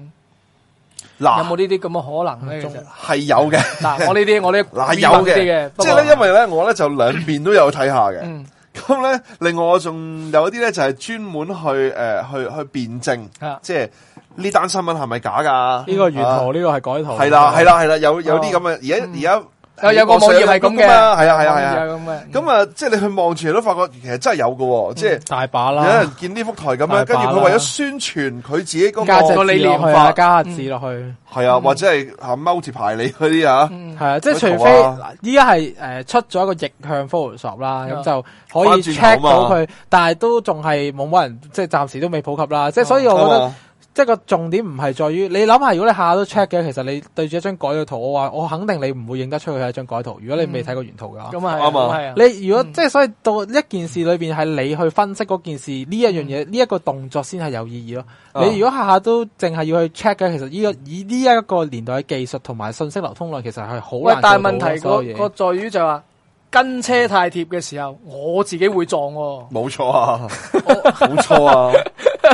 有冇呢啲咁嘅可能咧？其實係有嘅。嗱，我呢啲，我呢，有嘅過，即係咧，因為咧，我咧就兩邊都有睇下嘅。嗯嗯咁咧， 另外我仲有一啲咧，就係專門去誒，去去辨證，啊、即係呢單新聞係咪假噶？呢個原圖，呢、啊、個係改圖，係啦，係啦，係啦，有、哦、有啲咁嘅，而家而家。嗯有個模頁係咁嘅，係啊係啊係啊咁嘅。咁啊，即係你去望住都發覺，其實真係有嘅，即係大把啦。有人見呢幅台咁樣，跟住佢為咗宣傳佢自己嗰個理念，加下字落去。係啊，或者係啊，踎住排你嗰啲啊，係啊，即係除非依家係出咗一個逆向 h o t o s h o p 啦，咁就可以 check 到佢，但係都仲係冇乜人，即係暫時都未普及啦。即係所以我覺得。即係個重點唔係在於你諗下，如果你下下都 check 嘅，其實你對住一張改咗圖，我話我肯定你唔會認得出佢係一張改圖。如果你未睇過原圖㗎。咁啊啱啊，嗯、你如果、嗯、即係所以到一件事裏邊係你去分析嗰件事呢一樣嘢呢一個動作先係有意義咯。嗯、你如果下下都淨係要去 check 嘅，其實呢、呢個以呢一個年代嘅技術同埋信息流通量，其實係好難。喂，但問問題個在於就話、啊。跟車太貼嘅時候，我自己會撞。冇錯啊，冇錯啊。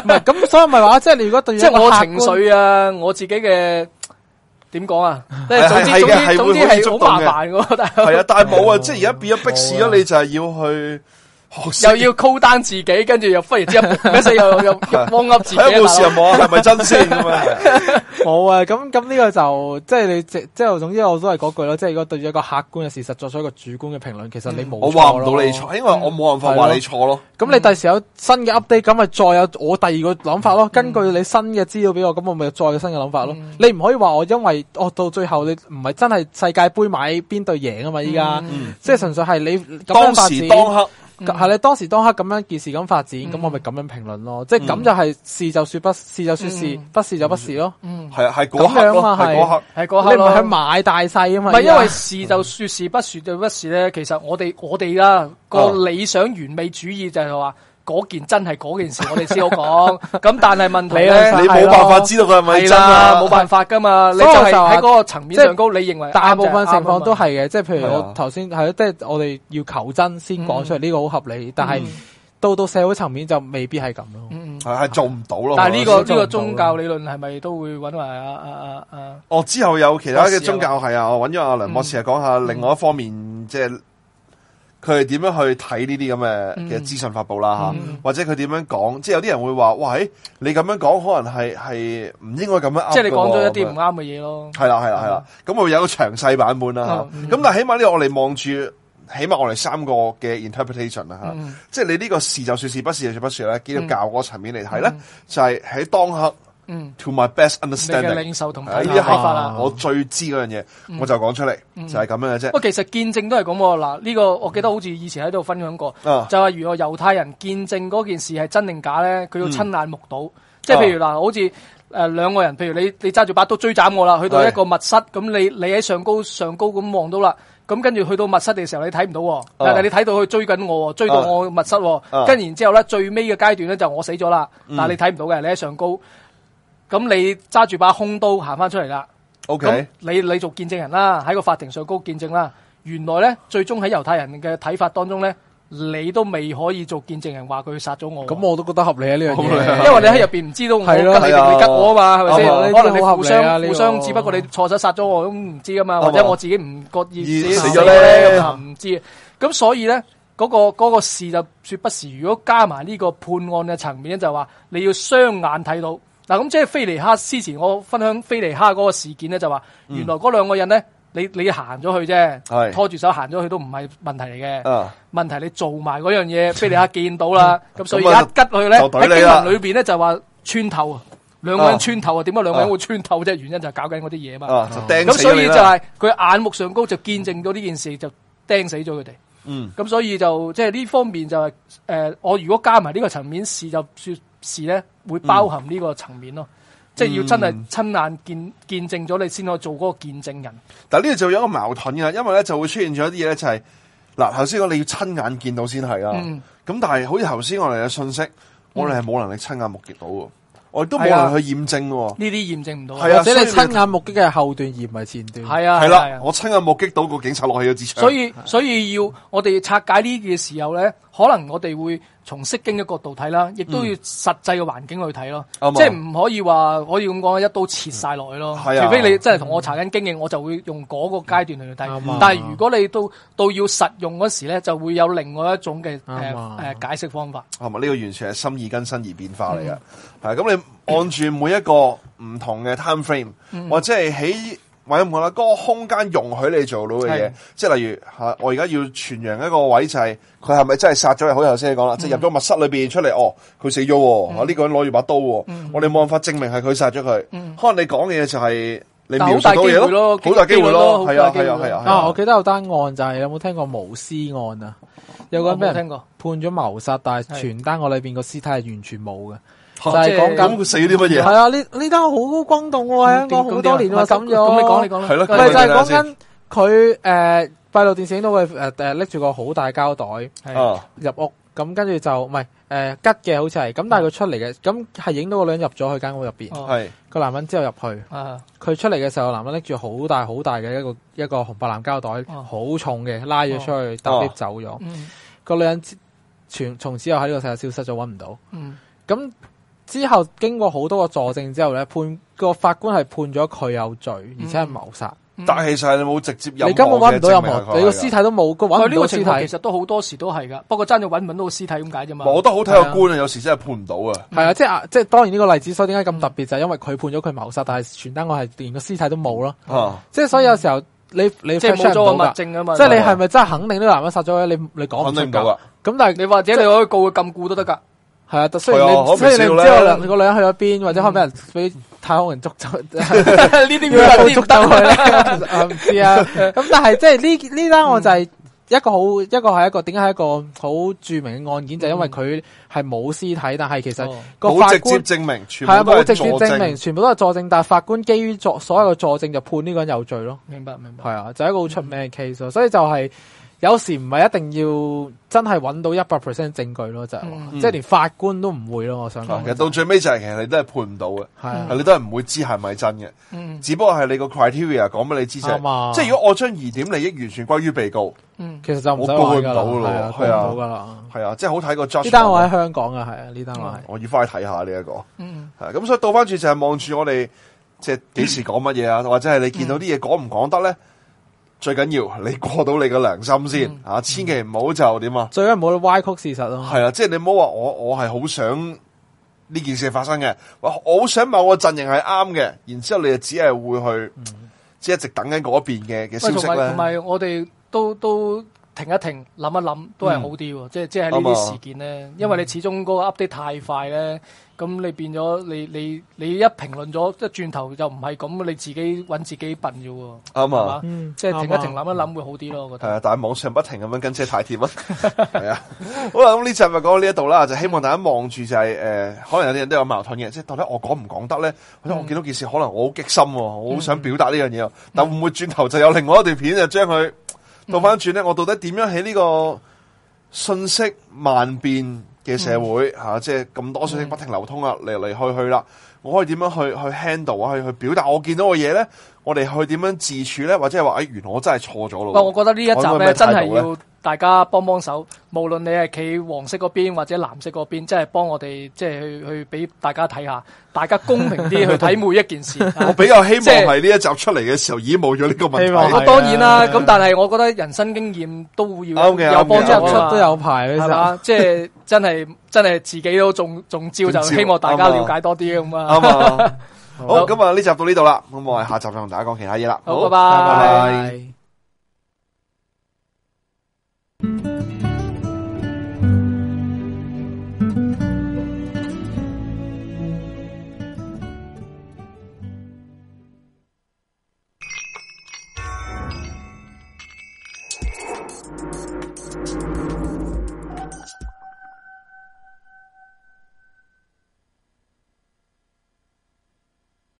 唔係，咁，所以咪話即係你如果對，即係我情緒啊，我自己嘅點講啊，總之總之總之係好麻煩，我覺得，係啊，但係冇啊，即係而家變咗逼士啊，你就係要去。又要 call 單自己，跟住又忽然之間咩事又又又汪噏自己，喺度試又冇，係咪真先？冇啊！咁咁呢個就即係你即即係總之我都係嗰句咯，即係如果對住一個客觀嘅事實作出一個主觀嘅評論，其實你冇我話唔到你錯，因為我冇辦法話你錯咯。咁你第時有新嘅 update，咁咪再有我第二個諗法咯。根據你新嘅資料俾我，咁我咪再有新嘅諗法咯。你唔可以話我，因為我到最後你唔係真係世界杯買邊隊贏啊嘛？依家即係純粹係你當時當刻。係你、嗯、當時當刻咁樣件事咁發展，咁、嗯、我咪咁樣評論咯。即係咁就係是事就說不，是就說、嗯、是，不是就不是咯。嗯，係啊，係嗰刻咯，係嗰刻，係嗰刻。你唔係去買大細啊嘛？唔係因為是就說是，不是就不是咧。其實我哋我哋啦個理想完美主義就係話，嗰件真係嗰件事，我哋先好講。咁但係問題咧，你冇辦法知道佢係咪真啊，冇辦法噶嘛。你就喺嗰個層面上高，你認為大部分情況都係嘅。即係譬如我頭先係即係我哋要求真先講出嚟，呢個好合理。但係到到社會層面就未必係咁咯。係係做唔到咯。但係呢個呢個宗教理論係咪都會揾埋啊啊啊阿？哦，之後有其他嘅宗教係啊，我揾咗阿梁博士嚟講下另外一方面，即係。佢哋點樣去睇呢啲咁嘅嘅資訊發布啦嚇，嗯嗯、或者佢點樣講？即係有啲人會話，喂，你咁樣講，可能係係唔應該咁樣。即係你講咗一啲唔啱嘅嘢咯。係啦，係啦，係啦。咁會有個詳細版本啦嚇。咁、嗯嗯、但係起碼呢，我哋望住起碼我哋三個嘅 interpretation 啦嚇、嗯啊。即係你呢個是就說「是，不是就說「不是咧。基督教嗰個層面嚟睇咧，嗯嗯、就係喺當刻。嗯，to my best understanding，你嘅領受同睇法啦。我最知嗰樣嘢，我就講出嚟，就係咁樣嘅啫。不過其實見證都係咁嗱，呢個我記得好似以前喺度分享過，就係如果猶太人見證嗰件事係真定假咧，佢要親眼目睹。即係譬如嗱，好似誒兩個人，譬如你你揸住把刀追斬我啦，去到一個密室，咁你你喺上高上高咁望到啦，咁跟住去到密室嘅時候，你睇唔到，但係你睇到佢追緊我，追到我密室，跟然之後咧最尾嘅階段咧就我死咗啦，但係你睇唔到嘅，你喺上高。咁你揸住把空刀行翻出嚟啦，咁 Okay? 你你做見證人啦，喺個法庭上高見證啦，原來咧最終喺猶太人嘅睇法當中咧，你都未可以做見證人話佢殺咗我，啊。咁我都覺得合理啊，呢樣嘢，Okay. 因為你喺入邊唔知道我吉你定你吉我啊嘛，係咪先？吧可能你互相你合理，啊、互相，只不過你錯手殺咗我咁唔知啊嘛，吧或者我自己唔覺意死咗咧，唔知。咁所以咧嗰，嗰個、嗰個事就說不時，如果加埋呢個判案嘅層面咧，就話你要雙眼睇到。嗱，咁即係菲尼哈，之前我分享菲尼哈嗰個事件咧，就話原來嗰兩個人咧，你你行咗去啫，拖住手行咗去都唔係問題嚟嘅。問題你做埋嗰樣嘢，菲尼哈見到啦，咁所以一吉佢咧，喺經文裏邊咧就話穿透，兩個人穿透啊，點解兩個人會穿透啫？原因就係搞緊嗰啲嘢嘛。咁所以就係佢眼目上高就見證到呢件事，就釘死咗佢哋。咁所以就即係呢方面就係誒，我如果加埋呢個層面試就說事咧，會包含呢個層面咯，嗯、即係要真係親眼見見，見證咗你先可以做嗰個見證人。但係呢度就有一個矛盾嘅，因為咧，就會出現咗一啲嘢咧，就係嗱，頭先我哋要親眼見到先係啦。咁但係好似頭先我哋嘅信息，我哋係冇能力親眼目擊到喎，嗯、我亦都冇能力去驗證喎。呢啲驗證唔到，啊、或者你親眼目擊嘅係後段而唔係前段。係啊，係啦，我親眼目擊到個警察落去嘅支槍。所以，所以要我哋拆解呢啲時候咧，可能我哋會。從釋經嘅角度睇啦，亦都要實際嘅環境去睇咯，嗯、即係唔可以話可以咁講，一刀切曬落去咯。嗯、除非你真係同我查緊經營，嗯、我就會用嗰個階段嚟去睇。嗯、但係如果你到到要實用嗰時咧，就會有另外一種嘅、嗯嗯、解釋方法。係咪呢個完全係心意更新而變化嚟嘅？咁、嗯，你按住每一個唔同嘅 time frame，、嗯、或者係喺。我唔講啦，嗰個空間容許你做到嘅嘢，即係例如吓，我而家要傳揚一個位就係佢係咪真係殺咗佢？又好頭先你講啦，即係入咗密室裏邊出嚟哦，佢死咗，喎，呢個人攞住把刀，我哋冇辦法證明係佢殺咗佢。可能你講嘅嘢就係你描述多嘢咯，好大機會咯，係啊係啊係啊。啊，我記得有單案就係有冇聽過無屍案啊？有個人咩？聽過判咗謀殺，但係全單案裏邊個屍體係完全冇嘅。就係講緊佢死咗啲乜嘢？係啊，呢呢單好轟動喎，香港好多年喎，咁咁你講，你講，唔係就係講緊佢誒，閉路電視影到誒誒拎住個好大膠袋入屋，咁跟住就唔係誒吉嘅，好似係，咁但係佢出嚟嘅，咁係影到個女人入咗去間屋入邊，係個男人之後入去，佢出嚟嘅時候，男人拎住好大好大嘅一個一個紅白藍膠袋，好重嘅，拉咗出去，搭車走咗，個女人全從此又喺呢個世界消失咗，揾唔到。咁之後經過好多個佐證之後咧，判個法官係判咗佢有罪，而且係謀殺。嗯嗯、但係其實你冇直接，有你根本揾唔到任何，你個屍體都冇。佢呢個情況其實都好多時都係噶，不過爭住揾唔揾到個屍體咁解啫嘛。我都好睇個官啊，有時真係判唔到啊。係、就、啊、是，即係即係當然呢個例子，所以點解咁特別就係、是、因為佢判咗佢謀殺，但係全單我係連個屍體都冇咯。即係所以有時候你你即係冇咗物證啊嘛。即係你係咪真係肯定呢個男人殺咗你？你講唔定噶。咁但係是你或者你可以告佢禁錮都得噶。係啊，雖然你雖然你知道我兩個女人去咗邊，或者可唔可人俾太空人捉走？呢啲冇捉得佢？啦，唔知啊。咁但係即係呢呢單案就係一個好一個係一個點解係一個好著名嘅案件，就因為佢係冇屍體，但係其實個法官證明係啊，冇直接證明，全部都係佐證，但係法官基於佐所有嘅佐證就判呢個人有罪咯。明白明白。係啊，就一個好出名嘅 case，所以就係。有時唔係一定要真係揾到一百 percent 證據咯，就係話，即係連法官都唔會咯。我想講，其實到最尾就係其實你都係判唔到嘅，係你都係唔會知係咪真嘅。只不過係你個 criteria 講俾你知啫。即係如果我將疑點利益完全歸於被告，其實就唔會判到咯，係啊，係啊，即係好睇個 judge 呢單我喺香港啊，係啊，呢單我係。我要返去睇下呢一個。係咁，所以倒翻轉就係望住我哋即係幾時講乜嘢啊？或者係你見到啲嘢講唔講得咧？最緊要你過到你個良心先、嗯、啊，千祈唔好就點啊，最緊唔好歪曲事實咯、啊。係、啊、即係你唔好話我，我係好想呢件事發生嘅，我好想某個陣營係啱嘅，然之後你就只係會去，即係、嗯、一直等緊嗰邊嘅嘅消息咧。同埋我哋都都停一停，諗一諗，都係好啲喎。嗯、即係即係呢啲事件咧，吧因為你始終嗰個 update 太快咧。咁你變咗你你你一評論咗，一轉頭就唔係咁，你自己揾自己笨啫喎。啱啊，即係停一停，諗一諗會好啲咯。我覺得係啊，但係網上不停咁樣跟車太貼啊。係啊，好啦，咁呢集咪講到呢一度啦，就希望大家望住就係誒，可能有啲人都有矛盾嘅，即係到底我講唔講得咧？或者我見到件事可能我好激心，我好想表達呢樣嘢，但會唔會轉頭就有另外一段片就將佢倒翻轉咧？我到底點樣喺呢個信息萬變？嘅社會、嗯啊、即係咁多信息不停流通啊，嚟嚟、嗯、去去啦，我可以點樣去去 handle 啊？可以去表達我見到嘅嘢咧？我哋去點樣自處咧？或者係話，哎，原來我真係錯咗咯。但係，我覺得呢一集咧真係要。大家幫幫手，無論你係企黃色嗰邊或者藍色嗰邊，即係幫我哋，即係去去俾大家睇下，大家公平啲去睇每一件事。我比較希望係呢一集出嚟嘅時候，已經冇咗呢個問題。當然啦，咁但係我覺得人生經驗都要有幫助，都有排啊，即係真係真係自己都中中招，就希望大家了解多啲咁啊。好，咁啊呢集到呢度啦，咁我哋下集再同大家講其他嘢啦。好，拜拜。